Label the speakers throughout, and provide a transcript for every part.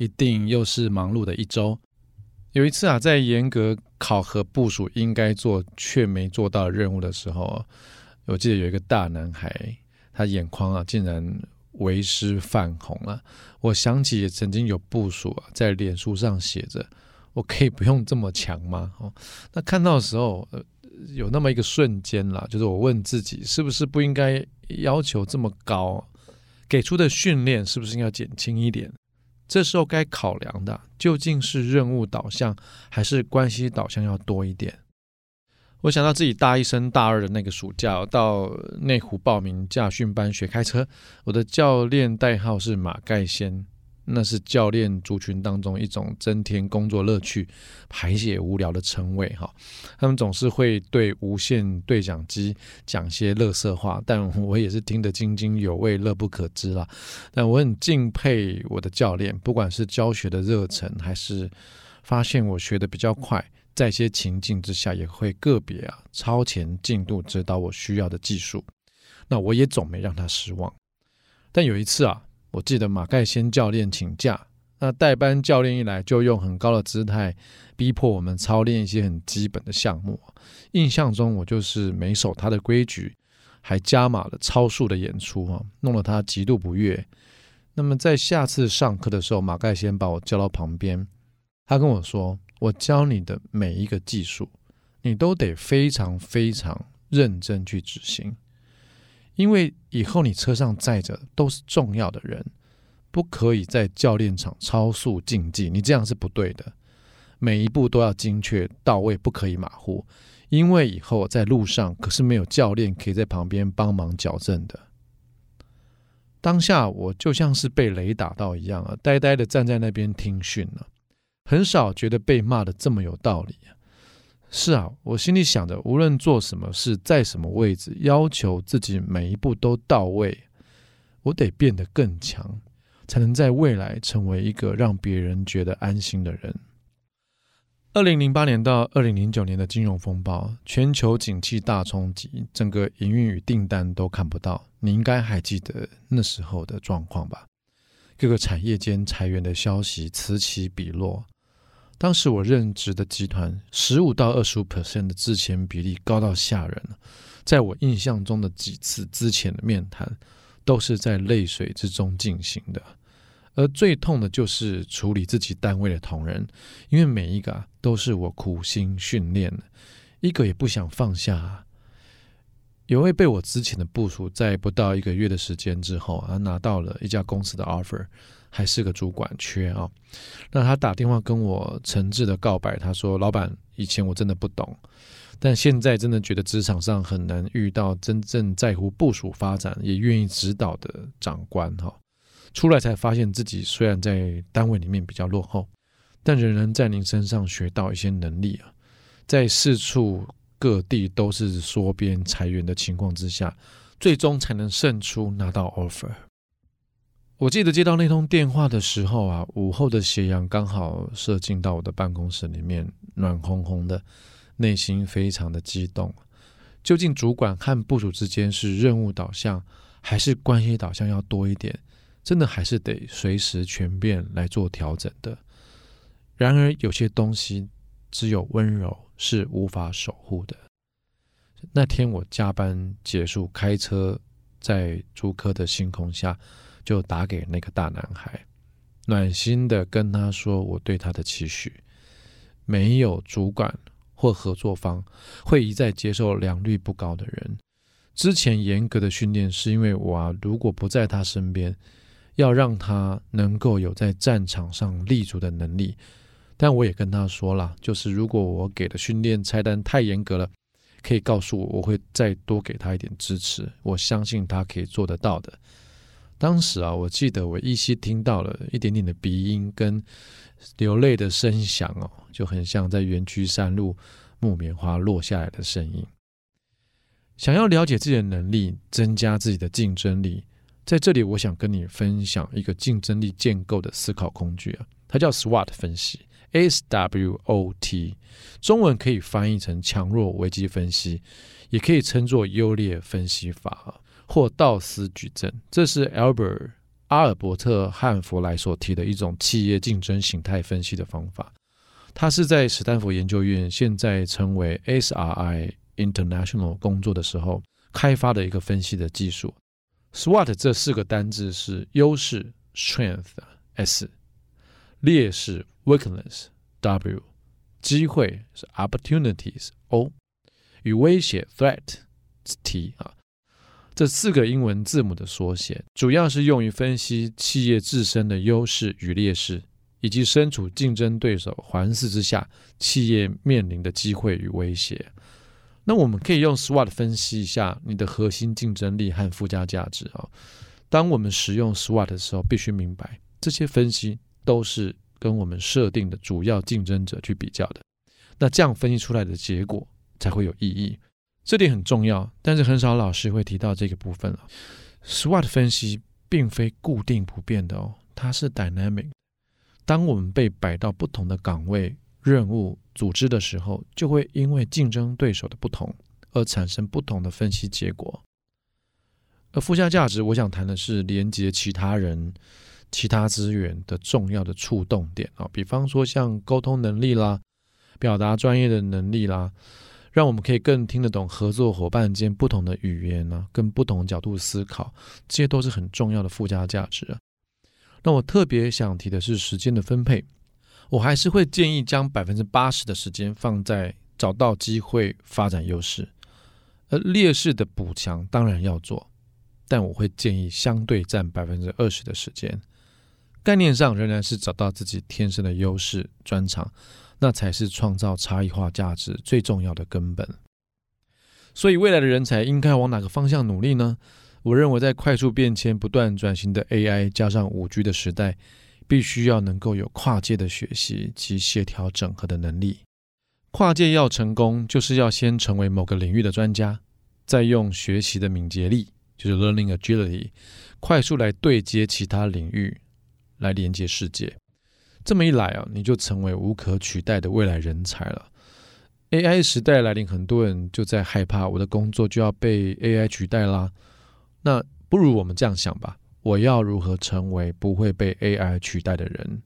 Speaker 1: 一定又是忙碌的一週。有一次啊，在嚴格考核部屬應該做卻沒做到任務的時候，我記得有一個大男孩，他眼眶啊竟然微濕泛紅了。我想起也曾經有部屬啊，在臉書上寫着：“我可以不用這麼強嗎？”哦，那看到的時候，呃，有那麼一個瞬間啦，就是我問自己，是不是不應該要求這麼高？給出的訓練是不是要減輕一點？這時候該考量的，究竟是任務導向還是關係導向要多一點？我想到自己大一升大二的那個暑假，到內湖報名駕訓班學開車，我的教練代號是馬蓋先。那是教練族群當中一種增添工作樂趣、排解無聊的稱謂哈。他們總是會對無線對講機講些垃圾話，但我也是聽得津津有味、樂不可支了啊。但我很敬佩我的教練，不管是教學的熱忱，還是發現我學得比較快，在一些情境之下也會個別啊超前進度指導，我需要的技術。那我也總沒讓他失望。但有一次啊。我記得馬蓋先教練請假，那代班教練一來就用很高的姿態逼迫我們操練一些很基本的項目。印象中我就是沒守他的規矩，還加碼了超速的演出啊，弄得他極度不悅。那麼在下次上課的時候，馬蓋先把我叫到旁邊，他跟我說：“我教你的每一個技術，你都得非常非常認真去執行。”因為以後你車上載着都是重要的人，不可以在教練場超速競技，你這樣是不對的。每一步都要精確到位，不可以馬虎，因為以後在路上可是沒有教練可以在旁邊幫忙矯正的。當下我就像是被雷打到一樣啊，呆呆的站在那邊聽訓了、啊，很少覺得被罵的這麼有道理、啊。是啊，我心裡想的，無論做什麼事，在什麼位置，要求自己每一步都到位。我得變得更強，才能在未來成為一個讓別人覺得安心的人。二零零八年到二零零九年的金融風暴，全球景氣大衝擊，整個營運與訂單都看不到。你應該還記得那時候的狀況吧？各個產業間裁員的消息此起彼落。當時我任職的集團十五到二十五 percent 的資遣比例高到嚇人。在我印象中的幾次資遣的面談都是在淚水之中進行的，而最痛的就是處理自己單位的同仁，因為每一個、啊、都是我苦心訓練，一個也不想放下、啊。有位被我資遣的部屬，在不到一個月的時間之後啊，拿到了一家公司的 offer。還是個主管缺啊、哦，那他打電話跟我誠摯的告白，他說：“老闆，以前我真的不懂，但現在真的覺得職場上很難遇到真正在乎部屬發展、也願意指導的長官哈、哦。出來才發現自己雖然在單位裡面比較落後，但仍然在您身上學到一些能力啊。在四處各地都是縮編裁員的情況之下，最終才能勝出拿到 offer。”我記得接到那通電話的時候啊，午後的斜陽剛好射進到我的辦公室裡面，暖烘烘的，內心非常的激動。究竟主管和部屬之間是任務導向還是關係導向要多一點？真的還是得隨時權變來做調整的。然而，有些東西只有溫柔是無法守護的。那天我加班結束，開車在竹科的星空下。就打給那個大男孩，暖心的跟他說我對他的期許。沒有主管或合作方會一再接受良率不高的人。之前嚴格的訓練是因為我、啊、如果不在他身邊，要讓他能夠有在戰場上立足的能力。但我也跟他說了，就是如果我給的訓練菜單太嚴格了，可以告訴我，我會再多給他一點支持。我相信他可以做得到的。當時啊，我記得我依稀聽到了一點點的鼻音跟流淚的聲響哦，就很像在園區山路木棉花落下來的聲音。想要了解自己的能力，增加自己的競爭力，在這裡我想跟你分享一個競爭力建構的思考工具啊，它叫 SWOT 分析，S W O T，中文可以翻譯成強弱危機分析，也可以稱作優劣分析法。或道斯矩陣，這是 Albert 阿爾伯特漢弗萊所提的一種企業競爭形態分析的方法。他是在史丹福研究院，現在稱為 SRI International 工作的時候開發的一個分析的技術。SWOT 這四個單字是優勢 （Strength）S，劣勢 （Weakness）W，機會是 （Opportunities）O，與威脅 （Threat）T 啊。Threat, t, 這四個英文字母的縮寫，主要是用於分析企業自身的優勢與劣勢，以及身處競爭對手環伺之下，企業面臨的機會與威脅。那我們可以用 SWOT 分析一下你的核心競爭力和附加價值哦。當我們使用 SWOT 的時候，必須明白，這些分析都是跟我們設定的主要競爭者去比較的。那這樣分析出來的結果才會有意義。這點很重要，但是很少老師會提到這個部分啊。SWOT 分析並非固定不變的哦，它是 dynamic。當我們被擺到不同的崗位、任務、組織的時候，就會因為競爭對手的不同而產生不同的分析結果。而附加價值，我想談的是連接其他人、其他資源的重要的觸動點啊，比方說像溝通能力啦、表達專業的能力啦。讓我們可以更聽得懂合作夥伴間不同的語言呢，啊，跟不同角度思考，這些都是很重要的附加價值啊。那我特別想提的是時間的分配，我還是會建議將百分之八十的時間放在找到機會、發展優勢，而劣勢的補強當然要做，但我會建議相對佔百分之二十的時間，概念上仍然是找到自己天生的優勢專長。那才是創造差異化價值最重要的根本。所以，未來的人才應該往哪個方向努力呢？我認為，在快速變遷、不斷轉型的 AI 加上 5G 的時代，必須要能夠有跨界的學習及協調整合的能力。跨界要成功，就是要先成為某個領域的專家，再用學習的敏捷力，就是 learning agility，快速來對接其他領域，來連接世界。這麼一來啊，你就成為無可取代的未來人才了。AI 時代來臨，很多人就在害怕，我的工作就要被 AI 取代啦。那不如我們這樣想吧：我要如何成為不會被 AI 取代的人？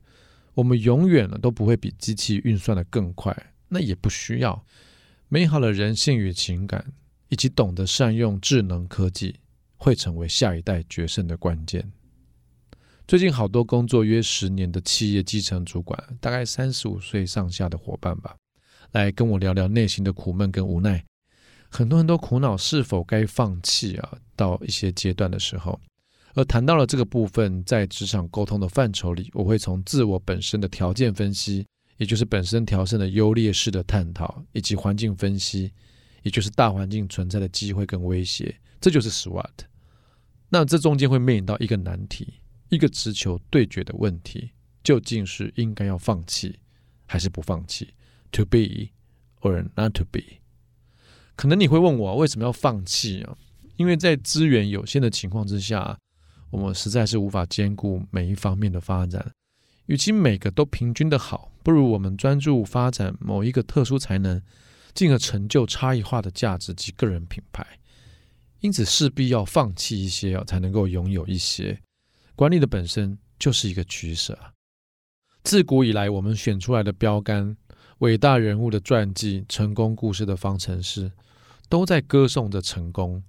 Speaker 1: 我們永遠都不會比機器運算得更快，那也不需要。美好的人性與情感，以及懂得善用智能科技，會成為下一代決勝的關鍵。最近好多工作約十年的企業基層主管，大概三十五歲上下的夥伴吧，來跟我聊聊內心的苦悶跟無奈，很多人都苦惱是否該放棄啊？到一些階段的時候，而談到了這個部分，在職場溝通的範疇裡，我會從自我本身的條件分析，也就是本身條件的優劣勢的探討，以及環境分析，也就是大環境存在的機會跟威脅，這就是 SWOT。那這中間會面臨到一個難題。一個直球對決的問題，究竟是應該要放棄，還是不放棄？To be or not to be？可能你會問我，為什麼要放棄啊？因為在資源有限的情況之下，我們實在是無法兼顧每一方面的發展。與其每個都平均的好，不如我們專注發展某一個特殊才能，進而成就差異化的價值及個人品牌。因此，勢必要放棄一些啊，才能夠擁有一些。管理的本身就是一個取捨啊。自古以來，我們選出來的標杆、偉大人物的傳記、成功故事的方程式，都在歌頌着成功。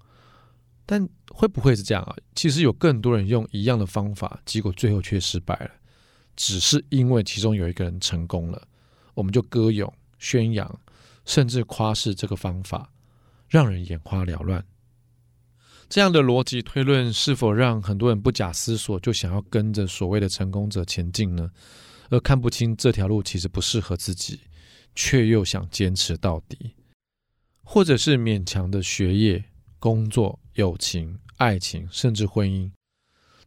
Speaker 1: 但會不會是這樣啊？其實有更多人用一樣的方法，結果最後卻失敗了。只是因為其中有一個人成功了，我們就歌詠、宣揚，甚至誇示這個方法，讓人眼花繚亂。這樣的邏輯推論是否讓很多人不假思索就想要跟着所謂的成功者前進呢？而看不清這條路其實不適合自己，卻又想堅持到底，或者是勉強的學業、工作、友情、愛情，甚至婚姻，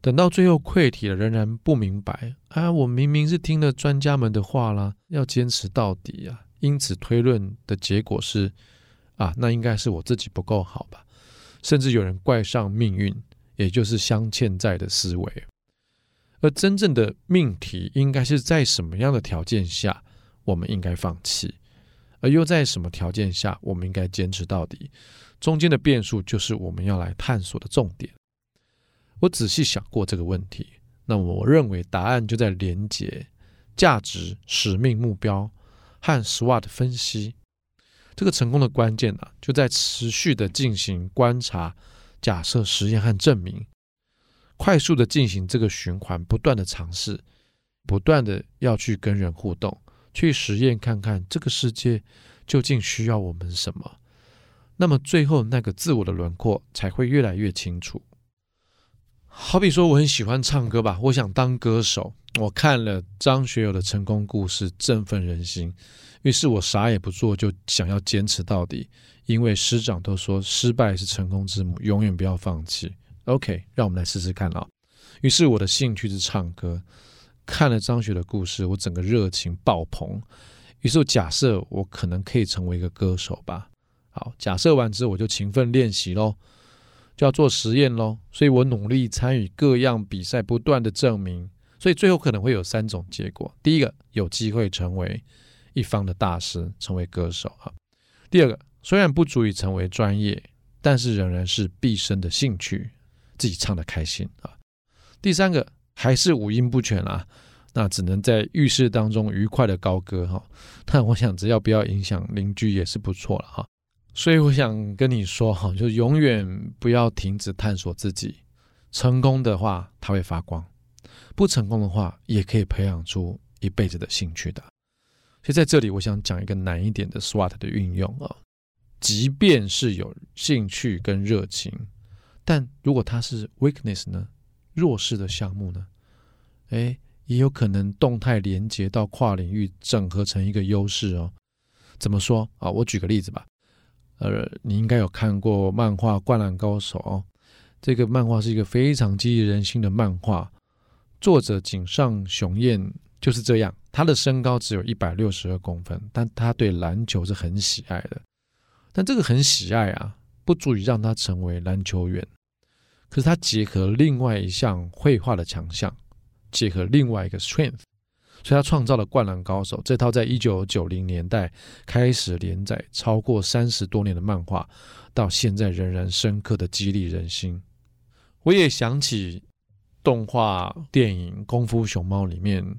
Speaker 1: 等到最後潰堤了，仍然不明白啊！我明明是聽了專家們的話啦，要堅持到底啊！因此推論的結果是啊，那應該是我自己不夠好吧。甚至有人怪上命運，也就是鑲嵌在的思維。而真正的命題應該是，在什麼樣的條件下，我們應該放棄，而又在什麼條件下，我們應該堅持到底？中間的變數就是我們要來探索的重點。我仔細想過這個問題，那麼我認為答案就在連接價值、使命、目標和 SWOT 分析。這個成功的關鍵呢、啊，就在持續的進行觀察、假設、實驗和證明，快速的進行這個循環，不斷的嘗試，不斷的要去跟人互動，去實驗看看這個世界究竟需要我們什麼。那麼最後那個自我的輪廓才會越來越清楚。好比說，我很喜歡唱歌吧，我想當歌手。我看了張學友的成功故事，振奮人心。於是我啥也不做，就想要堅持到底，因為師長都說失敗是成功之母，永遠不要放棄。OK，讓我們來試試看啊。於是我的興趣是唱歌，看了張學的故事，我整個熱情爆棚。於是我假設我可能可以成為一個歌手吧。好，假設完之後我就勤奮練習嘍，就要做實驗嘍。所以我努力參與各樣比賽，不斷的證明。所以最後可能會有三種結果：第一個，有機會成為一方的大師成為歌手啊。第二個雖然不足以成為專業，但是仍然是畢生的興趣，自己唱的開心啊。第三個還是五音不全啊，那只能在浴室當中愉快的高歌哈。但我想只要不要影響鄰居也是不錯了哈。所以我想跟你說哈，就永遠不要停止探索自己。成功的話它會發光，不成功的話也可以培養出一輩子的興趣的。所以在這裡，我想講一個難一點的 SWOT 的運用啊。即便是有興趣跟熱情，但如果它是 weakness 呢，弱勢的項目呢，哎，也有可能動態連接到跨領域整合成一個優勢哦。怎麼說啊？我舉個例子吧。呃，你應該有看過漫畫《灌籃高手》哦。這個漫畫是一個非常激勵人心的漫畫，作者井上雄彥就是這樣。他的身高只有一百六十二公分，但他對籃球是很喜愛的。但這個很喜愛啊，不足以讓他成為籃球員。可是他結合另外一項繪畫的強項，結合另外一個 strength，所以他創造了《灌籃高手》這套在一九九零年代開始連載超過三十多年的漫畫，到現在仍然深刻的激勵人心。我也想起動畫電影《功夫熊貓》裡面。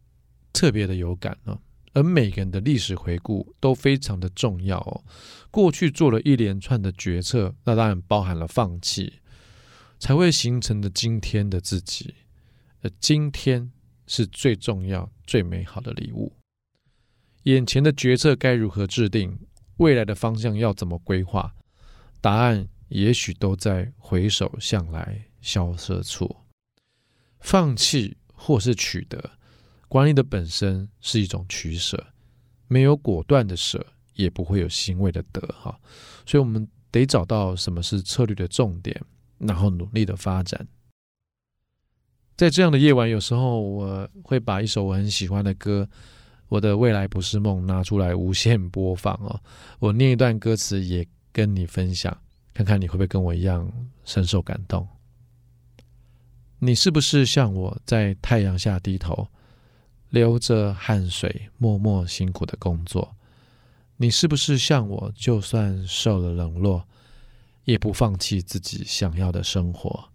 Speaker 1: 特別的有感啊，而每個人的歷史回顧都非常的重要哦。過去做了一連串的決策，那當然包含了放棄，才會形成的今天的自己。而今天是最重要、最美好的禮物。眼前的決策該如何制定？未來的方向要怎麼規劃？答案也許都在回首向來蕭瑟處，放棄或是取得。管理的本身是一種取捨，沒有果斷的舍，也不會有欣慰的得。哈，所以我們得找到什麼是策略的重點，然後努力的發展。在這樣的夜晚，有時候我會把一首我很喜歡的歌《我的未來不是夢》拿出來無限播放。哦，我念一段歌詞，也跟你分享，看看你會不會跟我一樣深受感動。你是不是像我在太陽下低頭？流着汗水，默默辛苦的工作。你是不是像我，就算受了冷落，也不放棄自己想要的生活？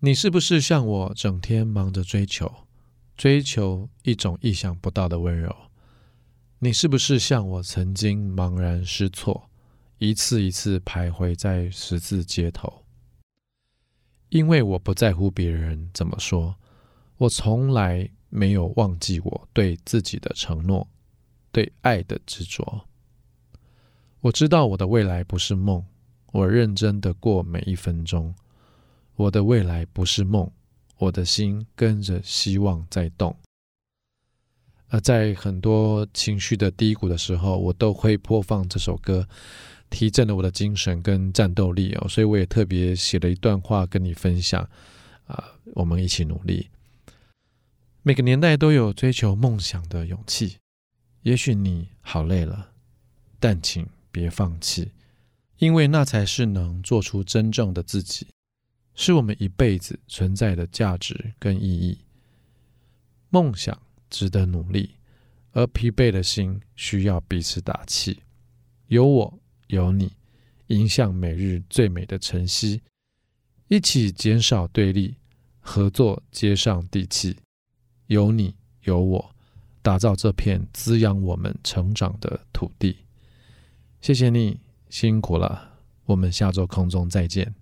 Speaker 1: 你是不是像我，整天忙着追求，追求一種意想不到的溫柔？你是不是像我，曾經茫然失措，一次一次徘徊在十字街頭？因為我不在乎別人怎麼說，我從來。沒有忘記我對自己的承諾，對愛的執着。我知道我的未來不是夢，我認真的過每一分鐘。我的未來不是夢，我的心跟着希望在動。啊，在很多情緒的低谷的時候，我都會播放這首歌，提振了我的精神跟戰鬥力哦，所以我也特別寫了一段話跟你分享，啊、呃，我們一起努力。每個年代都有追求夢想的勇氣。也許你好累了，但請別放棄，因為那才是能做出真正的自己，是我們一輩子存在的價值跟意義。夢想值得努力，而疲憊的心需要彼此打氣。有我有你，迎向每日最美的晨曦，一起減少對立，合作接上地氣。有你有我，打造這片滋養我們成長的土地。謝謝你，辛苦了，我們下周空中再見。